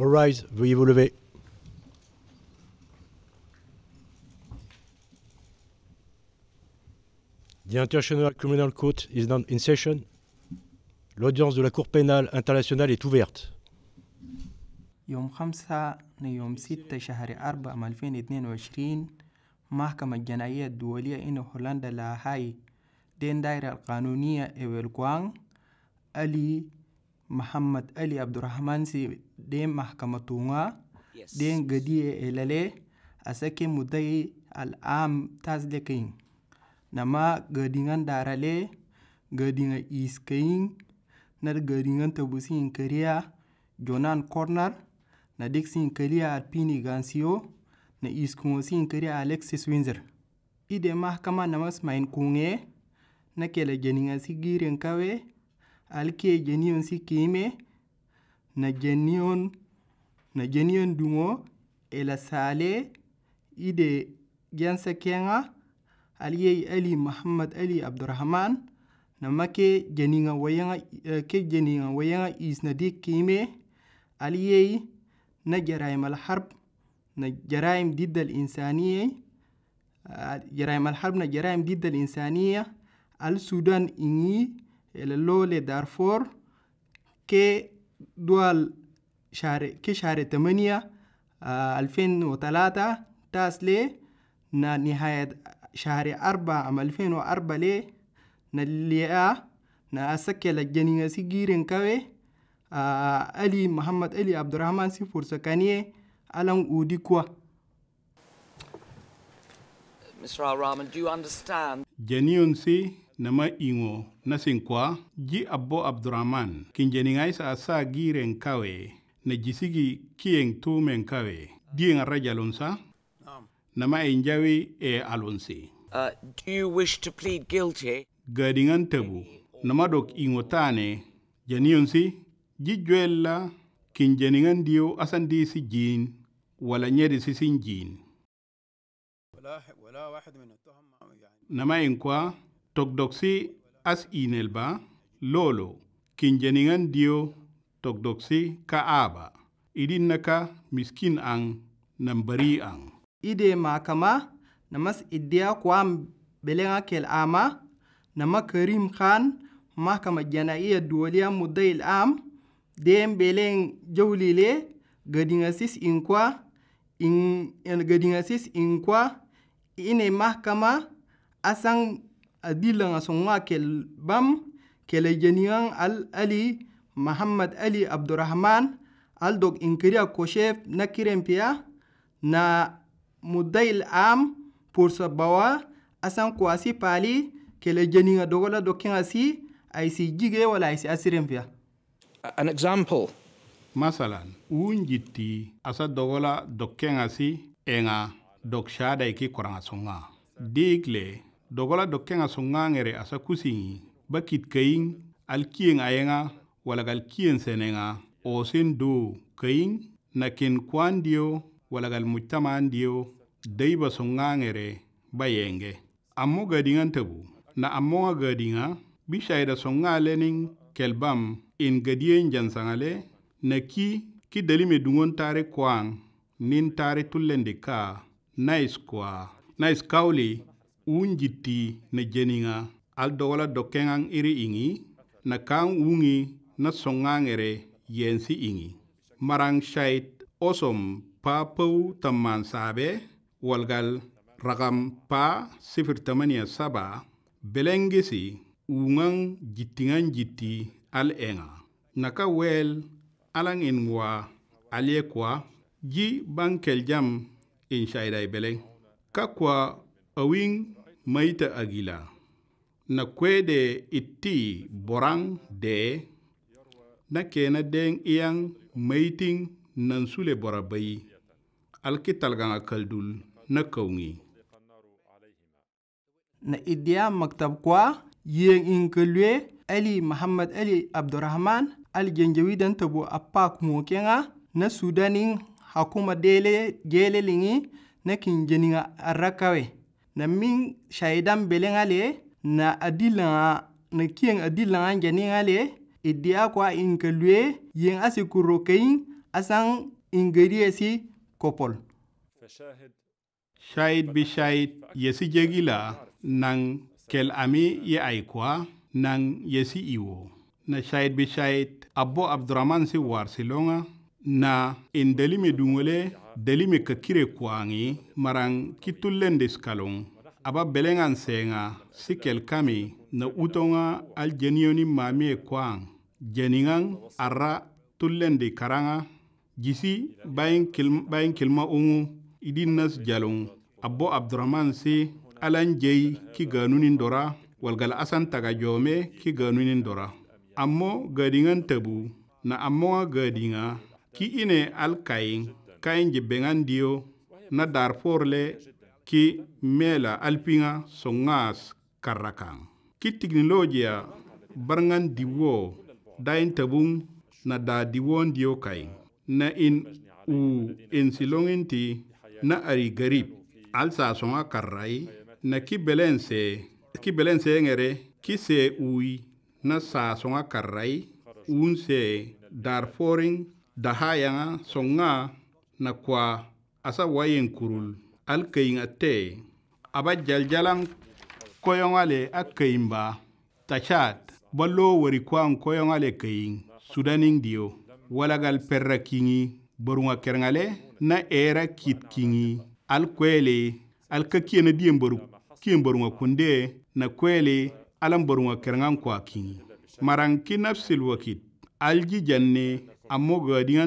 All rise, veuillez vous lever. The International Criminal Court is now in session. L'audience de la Cour pénale internationale est ouverte. Muhammad Ali Abdurrahman si de mahkamatunga tunga de gadi elale asake mudai al'am tasdekin nama gadingan darale gadinga iskayin nar gadingan tabusin kariya jonan corner na diksin kariya alpini gansiyo na iskungosin kariya alexis windsor ide mahkama namas main kunge na kele janinga sigirin kawe alkee jeniyon kime na jeniyon na jeniyon dungo ela sale ide jansa kenga aliyey ali Muhammad ali Abdurrahman, na make jeninga wayanga eh, ke jeninga wayanga dik kime aliyey na jaraim harb na jaraim didda insaniye jaraim ah, harb na jaraim didda insaniye al sudan ingi اللولي دارفور كي دول شهر كي شهر تمانية آه، ألفين وتلاتة تاس لي نهاية شهر أربعة عام ألفين وأربعة لي نليا نأسكي لجنية سيجيرين كوي آه، ألي محمد ألي عبد الرحمن سي فرسكانية ألان أودي كوا Mr. Al-Rahman, do you understand? Genuine, see? nama ingo nasinkwa ji abbo abdurahman kinjeningai sa asa giren kawe na jisigi kieng tumen kawe dieng rajalon alonsa nama injawi e alonsi uh, do you wish to plead guilty gadingan tebu nama dok ingo tane janionsi ji jwella kinjeningan diyo asandi si jin wala nyedi sin jin nama in tokdoksi as inelba lolo kinjeningan dio tokdoksi ka aba idin naka miskin ang nambari ang ide makama namas idea kwam belenga kel ama nama karim khan mahkama janaiya duwaliya mudail am dem beleng jawlile gadingasis inkwa in eh, gadingasis inkwa ine mahkama asang bam kele jeniang al ali Muhammad Ali Abdurrahman al dog inkiria na kirempia na mudail am pour sa bawa asan pali kele dogola si ay si jige wala ay si asirempia an example masalan unjitti asa dogola dokenga si enga dok shada iki koranga digle dogola do kenga dokenga songangere asa kusiŋi bakit köyiŋ alkiyeŋ ayeŋa walak alkiyen seneŋa oosin do na köyiŋ nakin kuandiyo walak almujtamandiyo deiba songaŋere ba yeŋge ammo gödiŋan töbu na ammoŋa gödiŋa bishayda soŋa leniŋ kelbam in gödiyen jansaŋale na ki ki dalime dungon tare kwaŋ nin tare tullendi ka na iskwa na iskawli unjiti ne jeninga al dogola do kengang iri ingi na kang ungi na songangere yensi ingi marang shait osom pa pau tamman sabe walgal ragam pa sifir tamania saba belengesi ungang jitingan jiti al enga naka wel alang inwa wa ji bankel jam in shaiday beleng kakwa awing maita agila na kwede iti borang de na kena den iyang maiting nan sule alkital alkitalgan kaldul na kaungi na idiya maktab kwa yeng inkelwe ali muhammad ali abdurrahman al dan tabo apak mokenga na sudanin hakuma dele gele lingi na kinjeninga arrakawe na min shaidan ale na adilanga na kiyeng adilanga ale idia kwa inkalue asikuro asi asan asang si kopol. Shahid bi shahid yesi jegila nang kel ami ye aikwa nang yesi iwo. Na shahid bi shahid abbo Abdurrahman si war silonga na indelimi dungole delimi ka kire kuangi marang kitullendes kalon aba belengan senga sikel kami na utonga aljeniyoni mami e kuang jeningan ara tulendekaranga karanga jisi bayin kil bayin kilma ungu idin nas jalon abbo abdurrahman si alan jeyi ki ganunin dora walgal asan taga jome ki ganunin dora ammo gadingan tabu na ammo gadinga ki ine alkayin kayenje bengandiyo na darfor le ki mela alpinga songas karrakan ki teknolojiya barangan diwo dayin tabun na da diwon diyo kai na in u insilongin ti na ari garib al songa karrai na ki belense ki belense ngere ki se ui na sasonga karrai un se darforing dahayanga songa na kwa asa wayen kurul al kayin atte aba jaljalan koyongale a kayimba tachat balo wari kwan koyongale kayin sudanin diyo walagal perra kingi borunga kerngale na era kit kingi al kwele al boru kiyen borunga kunde na kwele alam borunga kerngan kwa kingi maranki nafsil wakit alji janne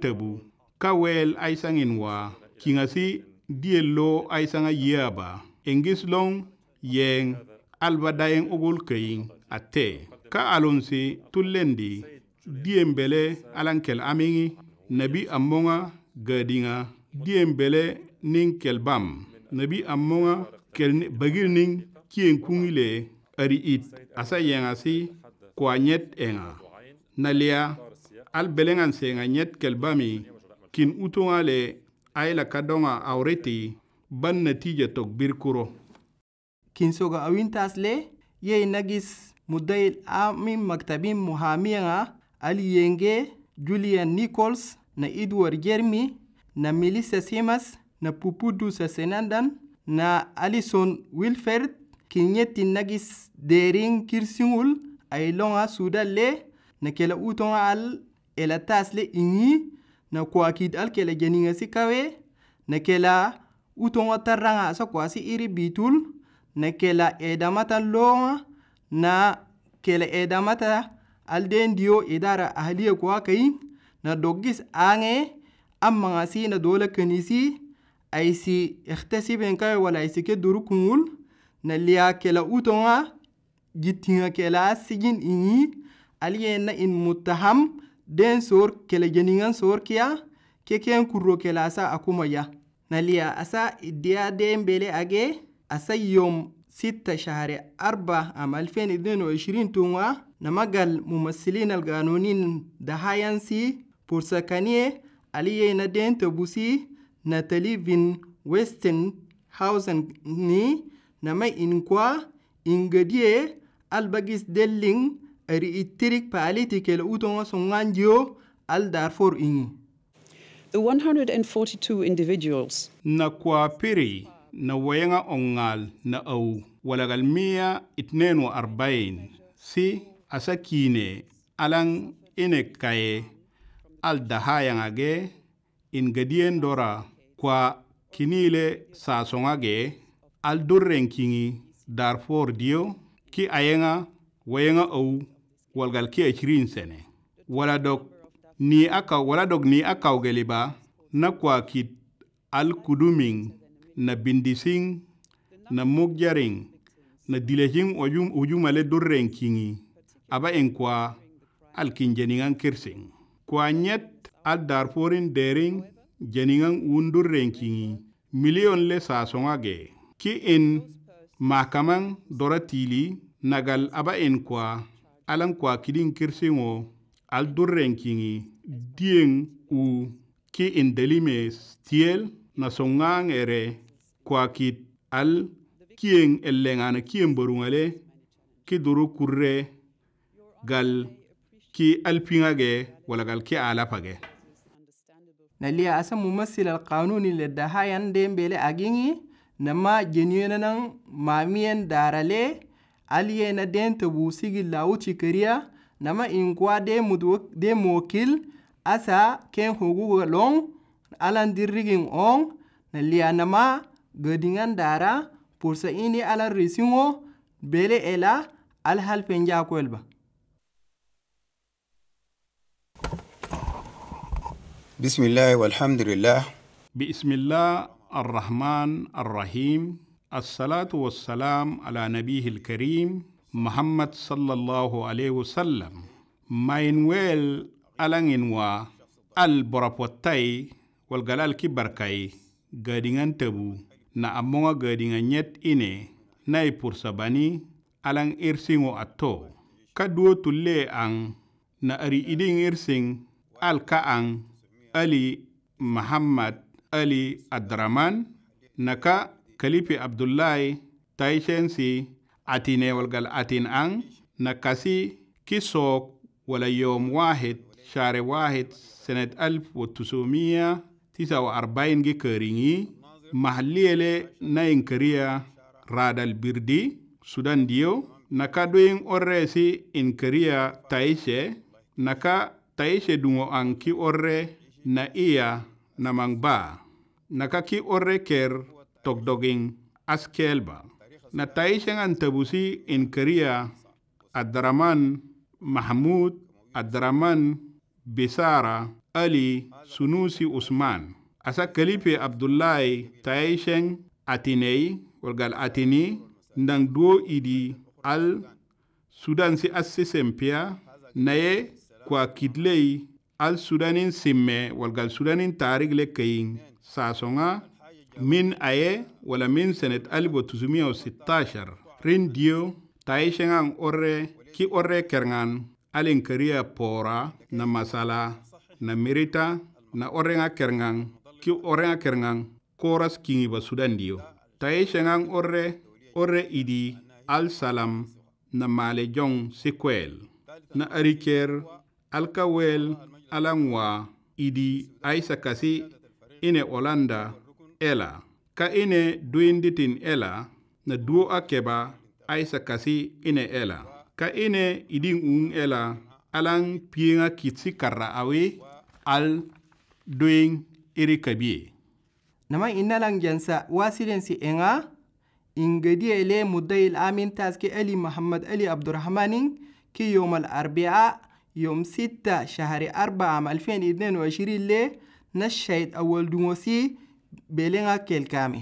tabu ka wɛɛl aisãŋen wa kĩngasi diel lo aisãngã yiaaba engis long yɛɛng alba dayeng ogol keyin a tɛ ka alonsi tullendi dien bele alankel amingi nabi amonga gadinga dien bele ning kel bam nabi amonga kel bagir ning kien kungile ari it asa yenga si kwa nyet enga nalia al belengan senga nyet kel bami kin utuŋa le ay kadonga ka ban natija tok birkuro. kin soga awintas le ye nagis mudail a maktabin muhamiyaŋa ali yenge julian nichols na edward jermi na melissa simas na pupudu sasenandan na alison Wilfred kin yetin nagis dering kirsingul ay longa suda le na kela utoŋa al elatas le ingi na kwa kid al kele geninga si kawe na kela uton wataranga sa kwa si iri bitul na kela edamata longa na kela edamata al den dio idara ahliya kwa kai na dogis ange amma ngasi na dola kanisi aisi ikhtasibin kawe wala si ke duru kumul na liya kela utonga jitinga kela sigin ingi, aliyena in mutaham den sor kele jeningan sor kia keken kuro a, asa akuma ya nalia asa idea den bele age asa yom sita shahare arba am alfen idin ishirin tunwa na magal mumasilin alganonin da hayansi fursakaniye aliye na den tabusi na talibin western hausen ni na mai inkwa ingadiye albagis delling al ingi. The 142 individuals. Na kwa piri na wayenga ongal na au walagal mia itnenu arbain si asakine alang ine kaye al dahayangage in gadien dora kwa kinile sasongage al durrenkingi darfor dio ki ayenga wayenga au walgal kia chirin sene. Wala dok ni aka wala dok ni aka na kwa kit al kuduming na bindising na mugjaring na dilejing ojum ujumale durren kingi aba en kwa al kinjeningan kirsing. Kwa nyet al darforin dering jeningan undurren kingi million le sasongage Ki in makamang dora tili nagal aba en kwa alan kwa kidin kirsingo al durren kingi dien u ki indelime stiel na songang ere kwa kit al kien elengana kien borungale ki duru kurre gal ki alpingage wala gal ki alapage nalia asa mumassil alqanuni le dahayan dembele agingi nama jenyena nan mamiyen darale Aliyeen adeemte buusii laawuchi kiriya nama inkuwa deemu wakil asa ken huguga long alan dirrigin on na liyanama gadingan dara pursa ini alan risingo bele ela al halfen jakwelba. بسم الله والحمد لله بسم الله الصلاة والسلام على نبيه الكريم محمد صلى الله عليه وسلم ماين ويل ألانين وا البرابوتاي والغلال كبركاي غادينان تبو نا أمونا غادينان نيت إني ناي بورساباني ألان إرسينو أتو كدو تلي أن na ari idin irsin alka'an ali muhammad ali adraman naka kalipi abdullahi taishensi atinewolgal atin ang na kasi kisok wala yom wahid share wahid senet alf wa tusumiya tisa wa arbain gi köringi mahalliyele radal birdi sudan Dio nakaduing doyin orresi in köriya taishe naka taishe dungo an ki orre na iya namang ba naka ki orre ker tokdogin askelba. Na an tabusi in Karia, Adraman Mahmud Adraman Besara Ali Sunusi Usman. Asa kalipe Abdullahi taisheng atinei warga atini ndang duo idi al sudan si assisem naye kwa kidlei al sudanin simme warga sudanin tarik le kayin sasonga min aye wala min senet alibo tuzumio sitashar rin dio taishengang orre ki orre kerngan alin karia pora na masala na mirita na orenga kerngang ki orenga kerngan koras kingi ba sudan dio taishengang orre orre idi al salam na male jong sequel na ariker alkawel alangwa idi aisa kasi ine olanda ela ka ine duyinditin ela na duwo a keba aisa kasi ine ela ka ine idin un ela alan piyenga kitsi karra awe al doyin iri kabiye nama inalan jansa wasilensi enga ingedi ele mudail amin taske ali muhammad ali abdurrahmanin كي يوم الأربعاء يوم ستة شهر أربعة عام 2022 نشهد أول دموسي Belén kelkami